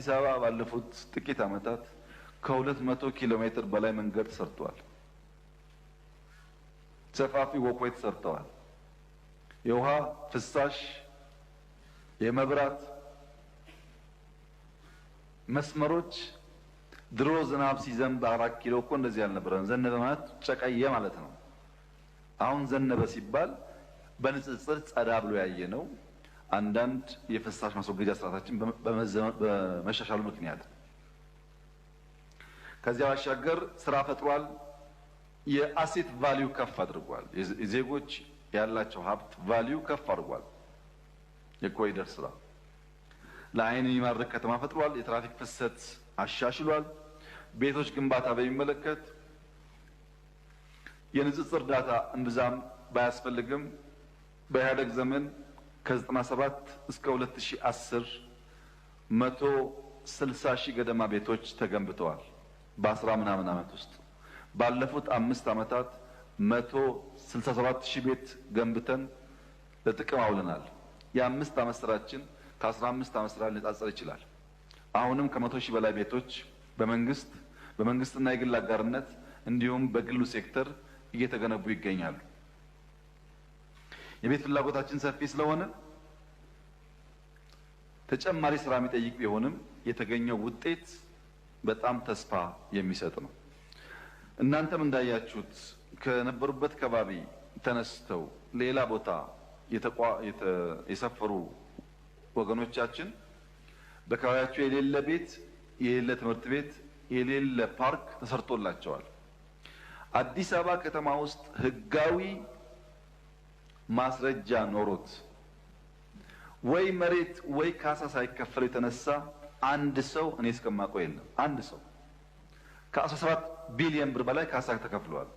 አዲስ አበባ ባለፉት ጥቂት ዓመታት ከ200 ኪሎ ሜትር በላይ መንገድ ሰርቷል። ሰፋፊ ወኮች ሰርተዋል። የውሃ ፍሳሽ፣ የመብራት መስመሮች ድሮ ዝናብ ሲዘንብ አራት ኪሎ እኮ እንደዚህ አልነበረም። ዘነበ ማለት ጨቀየ ማለት ነው። አሁን ዘነበ ሲባል በንጽጽር ጸዳ ብሎ ያየ ነው። አንዳንድ የፍሳሽ ማስወገጃ ስርዓታችን በመሻሻሉ ምክንያት ከዚያ ባሻገር ስራ ፈጥሯል። የአሴት ቫሊዩ ከፍ አድርጓል። ዜጎች ያላቸው ሀብት ቫሊዩ ከፍ አድርጓል። የኮሪደር ስራ ለአይን የሚማርክ ከተማ ፈጥሯል። የትራፊክ ፍሰት አሻሽሏል። ቤቶች ግንባታ በሚመለከት የንጽጽር እርዳታ እንብዛም ባያስፈልግም በኢህአደግ ዘመን ከ97 እስከ 2010 160 ሺህ ገደማ ቤቶች ተገንብተዋል። በ በአስራ ምናምን ዓመት ውስጥ ባለፉት አምስት ዓመታት 167 ሺህ ቤት ገንብተን ለጥቅም አውለናል። የአምስት ዓመት ስራችን ከ15 ዓመት ስራ ሊነጻጸር ይችላል። አሁንም ከመቶ ሺህ በላይ ቤቶች በመንግስት በመንግስትና የግል አጋርነት እንዲሁም በግሉ ሴክተር እየተገነቡ ይገኛሉ። የቤት ፍላጎታችን ሰፊ ስለሆነ ተጨማሪ ስራ የሚጠይቅ ቢሆንም የተገኘው ውጤት በጣም ተስፋ የሚሰጥ ነው። እናንተም እንዳያችሁት ከነበሩበት ከባቢ ተነስተው ሌላ ቦታ የሰፈሩ ወገኖቻችን በከባቢያቸው የሌለ ቤት፣ የሌለ ትምህርት ቤት፣ የሌለ ፓርክ ተሰርቶላቸዋል። አዲስ አበባ ከተማ ውስጥ ህጋዊ ማስረጃ ኖሮት ወይ መሬት ወይ ካሳ ሳይከፈል የተነሳ አንድ ሰው እኔ እስከማውቀው የለም። አንድ ሰው ከ17 ቢሊዮን ብር በላይ ካሳ ተከፍሏል።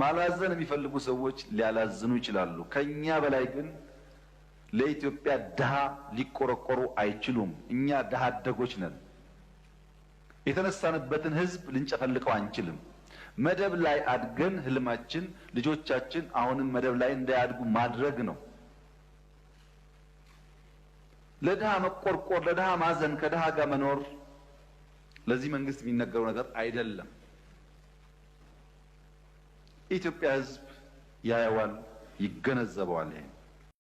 ማላዘን የሚፈልጉ ሰዎች ሊያላዝኑ ይችላሉ። ከኛ በላይ ግን ለኢትዮጵያ ድሃ ሊቆረቆሩ አይችሉም። እኛ ድሃ አደጎች ነን። የተነሳንበትን ህዝብ ልንጨፈልቀው አንችልም። መደብ ላይ አድገን ህልማችን ልጆቻችን አሁንም መደብ ላይ እንዳያድጉ ማድረግ ነው። ለድሃ መቆርቆር፣ ለድሃ ማዘን፣ ከድሃ ጋር መኖር ለዚህ መንግስት የሚነገረው ነገር አይደለም። ኢትዮጵያ ህዝብ ያየዋል፣ ይገነዘበዋል። ይሄን